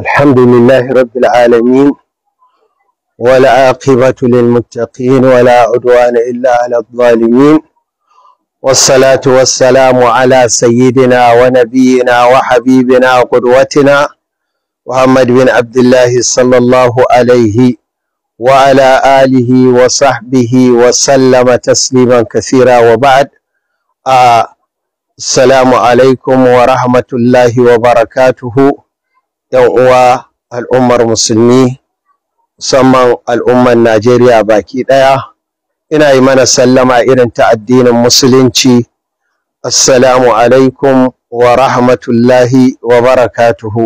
الحمد لله رب العالمين والعاقبة للمتقين ولا عدوان إلا على الظالمين والصلاة والسلام على سيدنا ونبينا وحبيبنا وقدوتنا محمد بن عبد الله صلى الله عليه وعلى آله وصحبه وسلم تسليما كثيرا وبعد آه السلام عليكم ورحمة الله وبركاته yan uwa al'ummar musulmi musamman al'ummar najeriya baki ɗaya ina yi mana sallama irin ta addinin musulunci assalamu alaikum wa rahmatullahi wa barakatuhu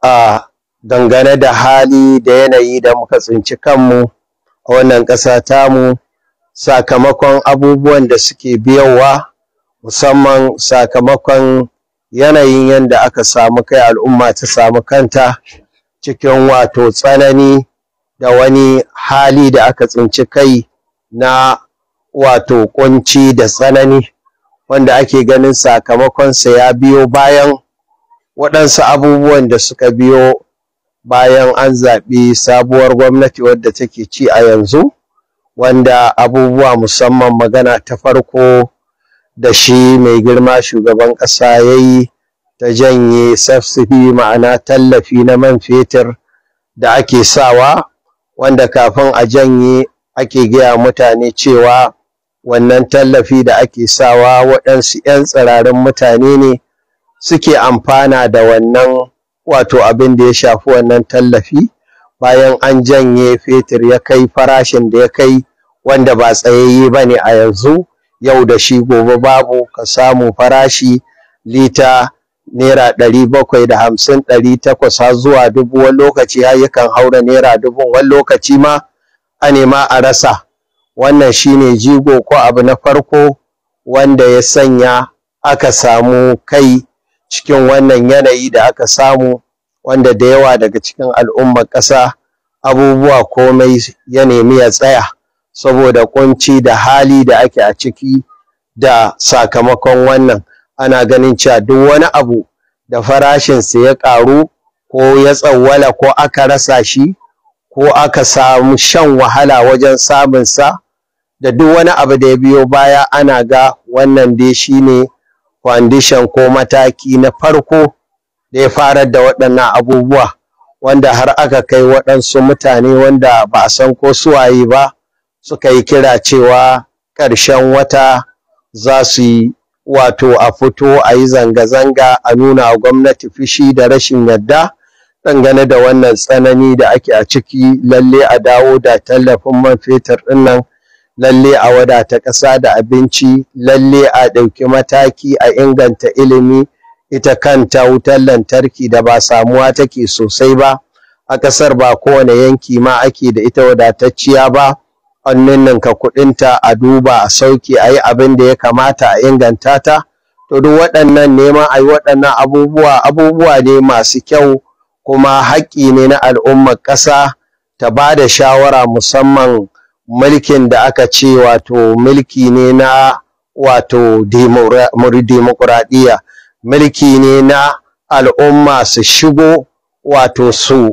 a dangane da hali da yanayi da muka tsinci kanmu a wannan ƙasa tamu sakamakon abubuwan da suke biyowa musamman sakamakon yanayin yadda aka samu kai al'umma ta samu kanta cikin wato tsanani da wani hali da aka tsinci kai na wato ƙunci da tsanani wanda ake ganin sakamakonsa ya biyo bayan waɗansu abubuwan da suka biyo bayan an zaɓi sabuwar gwamnati wadda take ci a yanzu wanda abubuwa musamman magana ta farko da shi mai girma shugaban ƙasa ya yi ta janye safsifi ma'ana tallafi na man fetur da ake sawa wanda kafin a janye ake gaya mutane cewa wannan tallafi da ake sawa waɗansu 'yan tsirarin mutane ne suke amfana da wannan wato abin da ya shafi wannan tallafi bayan an janye fetur ya kai farashin da ya kai wanda ba tsayayye ba ne a yanzu yau da shi gobe babu ka samu farashi lita naira ɗari bakwai da hamsin ɗari takwas har zuwa dubu wani lokaci har yakan haura naira dubu wani lokaci ma a nema a rasa wannan shine jigo ko abu na farko wanda ya sanya aka samu kai cikin wannan yanayi da aka samu wanda da yawa daga cikin al'ummar ƙasa abubuwa komai ya nemi ya tsaya saboda kunci da hali da ake a ciki da sakamakon wannan ana ganin cewa duk wani abu da farashinsa ya ƙaru ko ya tsawwala ko aka rasa shi ko aka samu shan wahala wajen sa, da duk wani abu da ya biyo baya ana ga wannan dai shine foundation ko mataki na farko da ya farar da waɗannan abubuwa wanda har aka kai waɗansu mutane wanda ba san ko suwaye ba suka yi kira cewa ƙarshen wata za su yi wato a fito a yi zanga-zanga a nuna gwamnati fushi da rashin yadda dangane da wannan tsanani da ake a ciki lalle a dawo da tallafin man fetur ɗin lalle a wadata ƙasa da abinci lalle a ɗauki mataki a inganta ilimi ita kanta wutar lantarki da ba samuwa take sosai ba a ƙasar ba kowane yanki ma ake da ita wadatacciya ba an kuɗin kuɗinta a duba a sauki a yi abin da ya kamata a inganta ta to duk waɗannan neman a yi waɗannan abubuwa abubuwa ne masu kyau kuma haƙƙi ne na al'ummar ƙasa ta ba da shawara musamman mulkin da aka ce wato mulki ne na wato dimokuraɗiyya mulki ne na al'umma su shigo wato su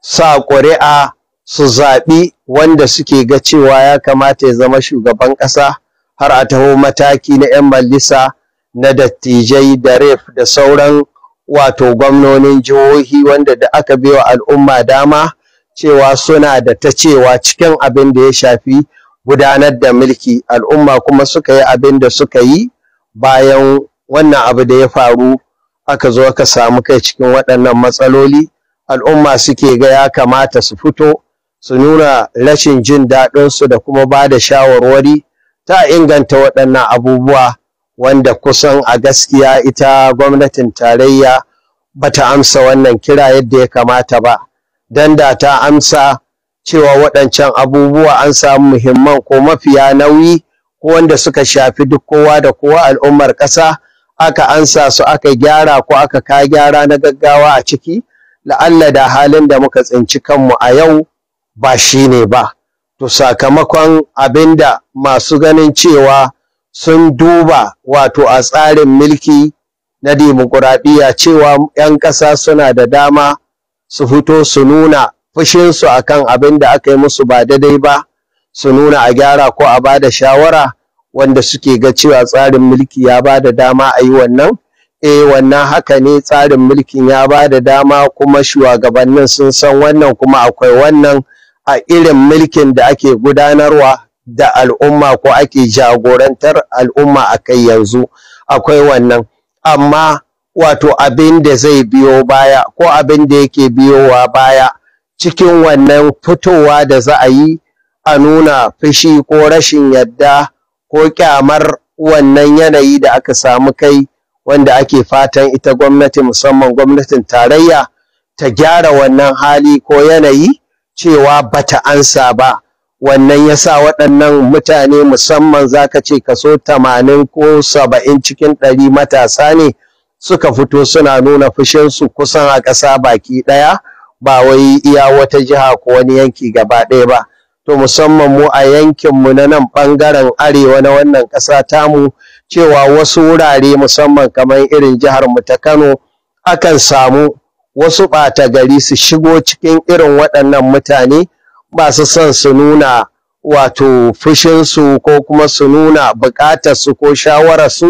sa ƙuri'a su zaɓi wanda suke ga cewa ya kamata ya zama shugaban ƙasa har a taho mataki na 'yan majalisa na dattijai da ref da sauran wato gwamnonin jihohi wanda da aka baiwa al'umma dama cewa suna da ta cewa cikin abin da ya shafi gudanar da mulki al'umma kuma suka yi abin da suka yi bayan wannan abu da ya faru aka zo aka samu kai cikin waɗannan matsaloli al'umma suke ga ya kamata su fito su nuna rashin jin daɗinsu da kuma ba da shawarwari ta inganta waɗannan abubuwa wanda kusan a gaskiya ita gwamnatin tarayya ba ta amsa wannan kira yadda ya kamata ba don da ta amsa cewa waɗancan abubuwa an samu muhimman ko mafiya nauyi ko wanda suka shafi duk kowa da kowa al'ummar ƙasa aka ansa su aka gyara ko aka ka gyara na gaggawa a ciki la'alla da halin da muka tsinci kanmu a yau ba shi ne ba to sakamakon abinda masu ganin cewa sun duba wato a tsarin mulki na dimokuraɗiyya cewa 'yan ƙasa suna da dama su fito su nuna fushinsu a kan abin da aka yi musu ba daidai ba su nuna a gyara ko a ba da shawara wanda suke ga cewa tsarin mulki ya ba da dama a yi wannan eh wannan haka ne tsarin mulkin ya ba da dama kuma shugabannin sun san wannan kuma akwai wannan a irin mulkin da ake gudanarwa da al'umma ko ake jagorantar al'umma a kai yanzu akwai wannan amma wato abin da zai biyo baya ko abin da yake biyowa baya cikin wannan fitowa da za a yi a nuna fushi ko rashin yadda ko kyamar wannan yanayi da aka samu kai wanda ake fatan ita gwamnati musamman gwamnatin tarayya ta gyara wannan hali ko yanayi cewa bata ansa ba wannan yasa waɗannan mutane musamman zaka ce kaso 80 ko 70 cikin 100 matasa ne suka fito suna nuna fushinsu kusan a ƙasa baki ɗaya ba wai iya wata jiha ko wani yanki gaba ɗaya ba to musamman mu a yankinmu na nan ɓangaren arewa na wannan ƙasa tamu cewa wasu wurare musamman kamar irin jihar mu ta kano akan samu wasu ɓata gari su shigo cikin irin waɗannan mutane ba su son su nuna wato fushinsu ko kuma su nuna buƙatarsu ko shawararsu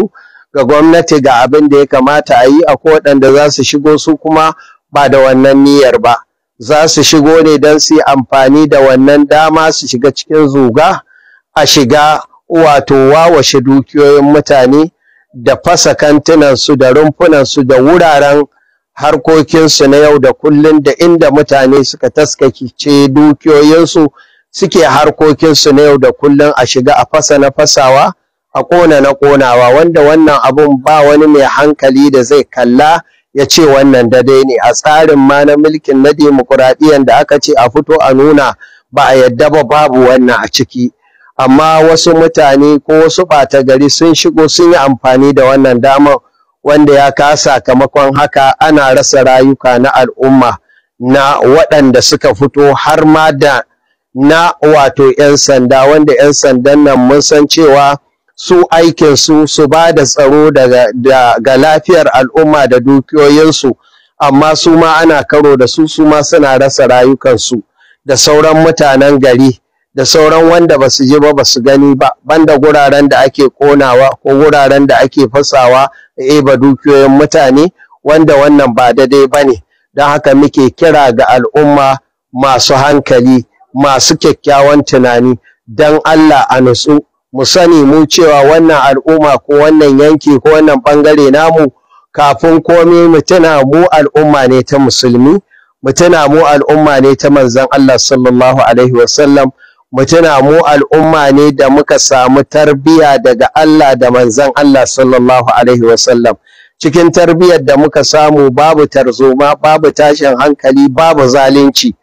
ga gwamnati ga abin da ya kamata a yi akwai waɗanda za su shigo su kuma ba da wannan niyyar ba za su shigo ne don su yi amfani da wannan dama su shiga cikin zuga a shiga wato wawashe dukiyoyin mutane da fasa kantunansu da rumfunansu da wuraren harkokinsu na yau da kullun da inda mutane suka taskakice dukiyoyinsu suke harkokinsu na yau da kullun a shiga a fasa na fasawa a kona na ƙonawa wanda wannan abun ba wani mai hankali da zai kalla ya ce wannan dadai ne a tsarin ma na mulkin na demokuraɗiyyar da aka ce a fito a nuna ba a yadda ba babu wannan a ciki amma wasu mutane ko wasu ɓata gari sun shigo sun yi amfani da wannan damar wanda ya ka sakamakon haka ana rasa rayuka na al'umma na waɗanda suka fito har ma da na wato 'yan sanda wanda 'yan sandan nan mun san cewa su aikin su su ba da tsaro daga lafiyar al'umma da dukiyoyinsu amma su ma ana karo da su su ma suna rasa rayukansu da sauran mutanen gari da sauran wanda ba su ji ba ba su gani ba banda guraren da ake konawa ko guraren da ake fasawa da eba dukiyoyin mutane wanda wannan ba daidai ba ne don haka muke kira ga al'umma masu hankali masu kyakkyawan tunani don Allah a nutsu mu sani mu cewa wannan al'umma ko wannan yanki ko wannan bangare namu kafin komai mu tuna mu al'umma ne ta musulmi mu tuna mu al'umma ne ta manzon Allah sallallahu alaihi wasallam mu mu al'umma ne da muka samu tarbiya daga Allah da manzon Allah sallallahu alaihi wasallam cikin tarbiyar da muka samu babu tarzoma babu tashin hankali babu zalunci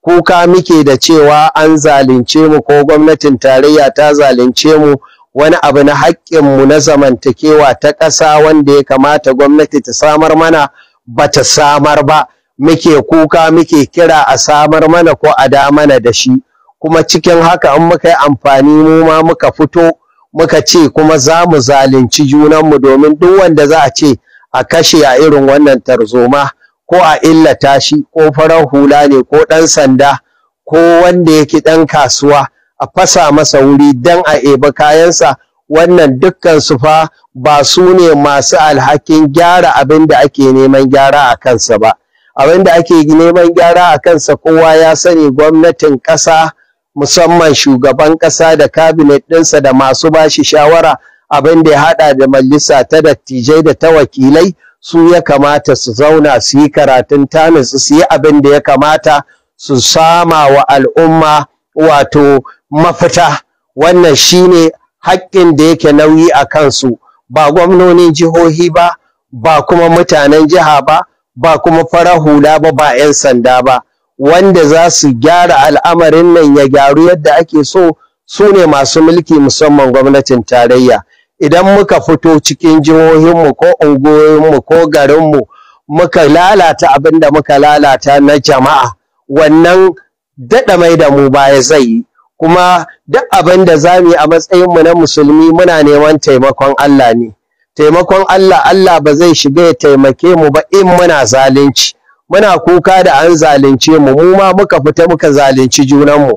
kuka muke da cewa an zalunce mu ko gwamnatin tarayya ta zalunce mu wani abu na haƙƙinmu na zamantakewa ta ƙasa wanda ya kamata gwamnati ta samar mana ba ta samar ba muke kuka muke kira a samar mana ko a da mana da shi kuma cikin haka in muka yi amfani mu ma muka fito muka ce kuma za mu zalunci junanmu domin duk wanda za a ce a kashe a irin wannan tarzoma ko a illata shi ko farar hula ne ko ɗan sanda ko wanda yake ɗan kasuwa a fasa masa wuri don a ebi kayansa wannan dukkan su fa ba su ne masu alhakin gyara abin da ake neman gyara a kansa ba abin da ake neman gyara a kansa kowa ya sani gwamnatin ƙasa musamman shugaban ƙasa da kabinet ɗinsa da masu ba shi shawara abin da ya haɗa da majalisa ta dattijai da ta wakilai su ya kamata su zauna su yi karatun tanis su yi abin da ya kamata su sama wa al'umma wato mafita wannan shine haƙƙin da yake nauyi a kansu ba gwamnonin jihohi ba ba kuma mutanen jiha ba ba kuma farar hula ba ba 'yan sanda ba wanda za su gyara al'amarin nan ya gyaru yadda ake so su ne masu mulki musamman gwamnatin tarayya idan muka fito cikin jihohinmu ko unguwoyinmu ko garinmu muka lalata abin da muka lalata na jama'a wannan daɗa mai da mu baya zai yi kuma duk abin da za mu yi a matsayinmu na musulmi muna neman taimakon Allah ne taimakon Allah Allah ba zai shiga ya taimake mu ba in muna zalunci muna kuka da an zalunce mu mu ma muka fita muka zalunci junanmu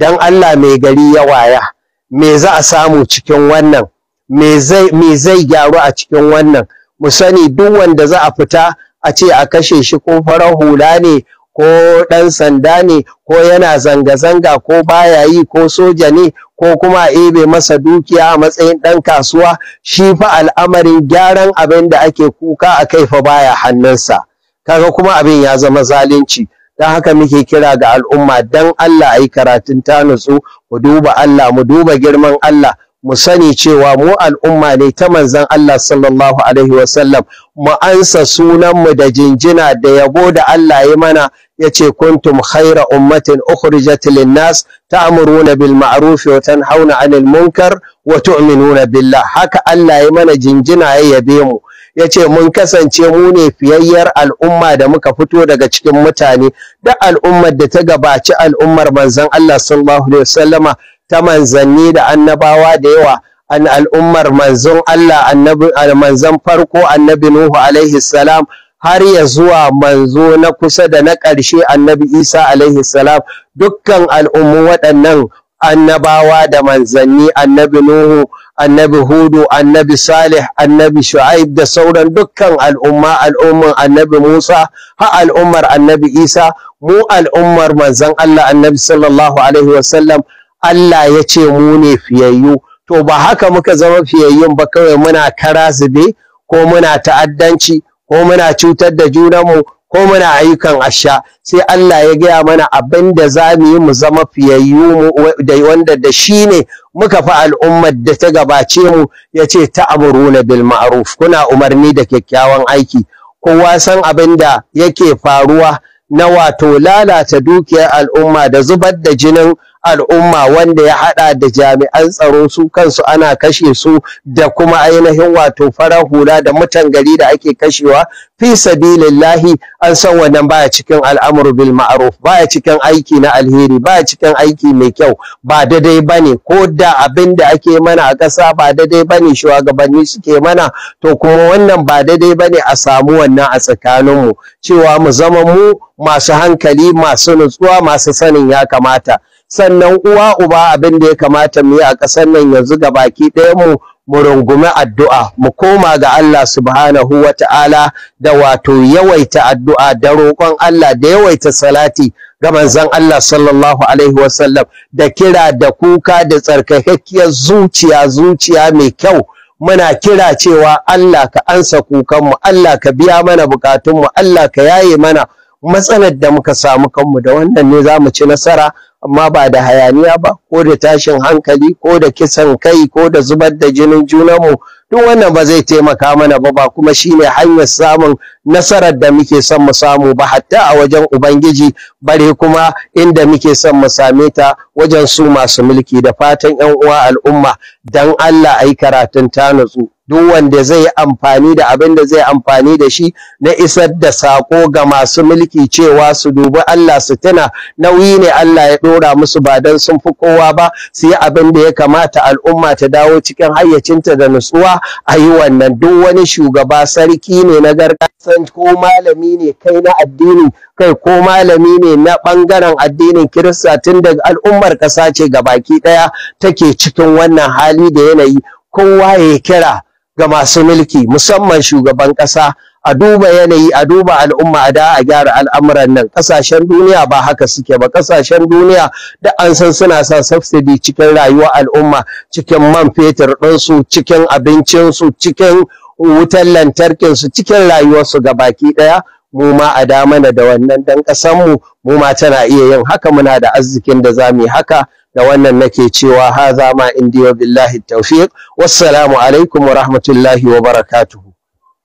dan Allah mai gari ya waya me za a samu cikin wannan me zai me zai gyaru a cikin wannan mu sani duk wanda za a fita a ce a kashe shi ko farar hula ne ko ɗan sanda ne ko yana zanga-zanga ko baya yi ko soja ne ko kuma a ebe masa dukiya a matsayin ɗan kasuwa shi fa al'amarin gyaran abin da ake kuka a kai fa baya hannunsa kaga kuma abin ya zama zalunci don haka muke kira ga al'umma don Allah ayi karatun ta nutsu mu duba Allah mu duba girman Allah mu sani cewa mu al'umma ne ta manzon Allah sallallahu alaihi wasallam mu ansa sunanmu da jinjina da yabo da Allah ya mana yace kuntum khaira ummatin ukhrijat Nas ta'muruna bil ma'ruf wa tanhauna 'anil munkar wa tu'minuna billah haka Allah ya mana jinjina ya yabe mu yace mun kasance mu ne fiyayyar al'umma da muka fito daga cikin mutane da al'ummar da ta gabaci al'ummar manzon Allah sallallahu alaihi wasallama ta manzanni da annabawa da yawa an al'ummar manzon Allah annabi manzon farko annabi Nuhu alaihi salam har ya zuwa manzo na kusa da na ƙarshe annabi isa alaihi salam dukkan al'ummu waɗannan annabawa da manzanni annabi nuhu annabi hudu annabi salih annabi shu'aib da sauran dukkan al'umma al'umman annabi musa ha al'ummar annabi isa mu al'ummar manzan allah annabi sallallahu alaihi wasallam allah ya ce mu ne fiyayyu to ba haka muka zama fiyayyun ba kawai muna kara zube ko muna ta'addanci ko muna cutar da junanmu ko muna ayyukan asha sai Allah ya gaya mana abin da za mu yi mu zama fiyayyu da wanda da shi ne muka fi al'ummar da ta gabace mu ya ce amuruna bil ma'ruf kuna umarni da kyakkyawan aiki kowa san abin da yake faruwa na wato lalata dukiyar al'umma da zubar da jinin al'umma wanda ya hada da jami'an tsaro su kansu ana kashe su da kuma ainihin wato farar hula da mutan gari da ake kashewa fi sabilillahi an san wannan baya cikin al'amur bil ma'ruf baya cikin aiki na alheri baya cikin aiki mai kyau ba daidai bane ko da abin da ake mana a ƙasa ba daidai bane shugabanni suke mana to kuma wannan ba daidai bane a samu wannan a tsakaninmu cewa mu zama mu masu hankali masu nutsuwa masu sanin ya kamata sannan uwa uba abin da ya kamata mu yi a ƙasar nan yanzu ga baki ɗaya mu mu rungumi addu'a mu koma ga Allah subhanahu wa da wato yawaita addu'a da roƙon Allah da yawaita salati ga manzon Allah sallallahu alaihi wasallam da kira da kuka da tsarkakakkiyar zuciya zuciya mai kyau muna kira cewa Allah ka ansa kukanmu Allah ka biya mana bukatunmu Allah ka yaye mana matsalar da muka samu kanmu da wannan ne za mu ci nasara amma ba da hayaniya ba ko da tashin hankali ko da kisan kai ko da zubar da jinin junanmu duk wannan ba zai taimaka mana ba ba kuma shine hanyar samun nasarar da muke son mu samu ba hatta a wajen ubangiji bare kuma inda muke son mu same ta wajen su masu mulki da fatan yan uwa al'umma dan Allah ayi karatun ta nutsu duk wanda zai yi amfani da abin da zai amfani da shi na isar da sako ga masu mulki cewa su dubi Allah su tuna nauyi ne Allah ya dora musu ba dan sun fi kowa ba su yi abin da ya kamata al'umma ta dawo cikin hayyacinta da nutsuwa a yi wannan duk wani shugaba sarki ne na gargajiya ko malami ne kai na addini kai ko malami ne na bangaren addinin Kirista tun da al'ummar ƙasa ce gabaki ɗaya take cikin wannan hali da yanayi kowa ya kira ga masu mulki musamman shugaban ƙasa a duba yanayi a duba al'umma a da a gyara al'amuran nan ƙasashen duniya ba haka suke ba ƙasashen duniya da an san suna sa subsidy cikin rayuwar al'umma cikin man fetur ɗinsu cikin abincinsu cikin wutar lantarkinsu cikin rayuwarsu ga baki ɗaya mu ma a da mana da wannan dan ƙasanmu mu ma tana iya yin haka muna da arzikin da za mu yi haka da wannan nake cewa haza ma indiya billahi tawfiq wassalamu alaikum wa rahmatullahi wa barakatuhu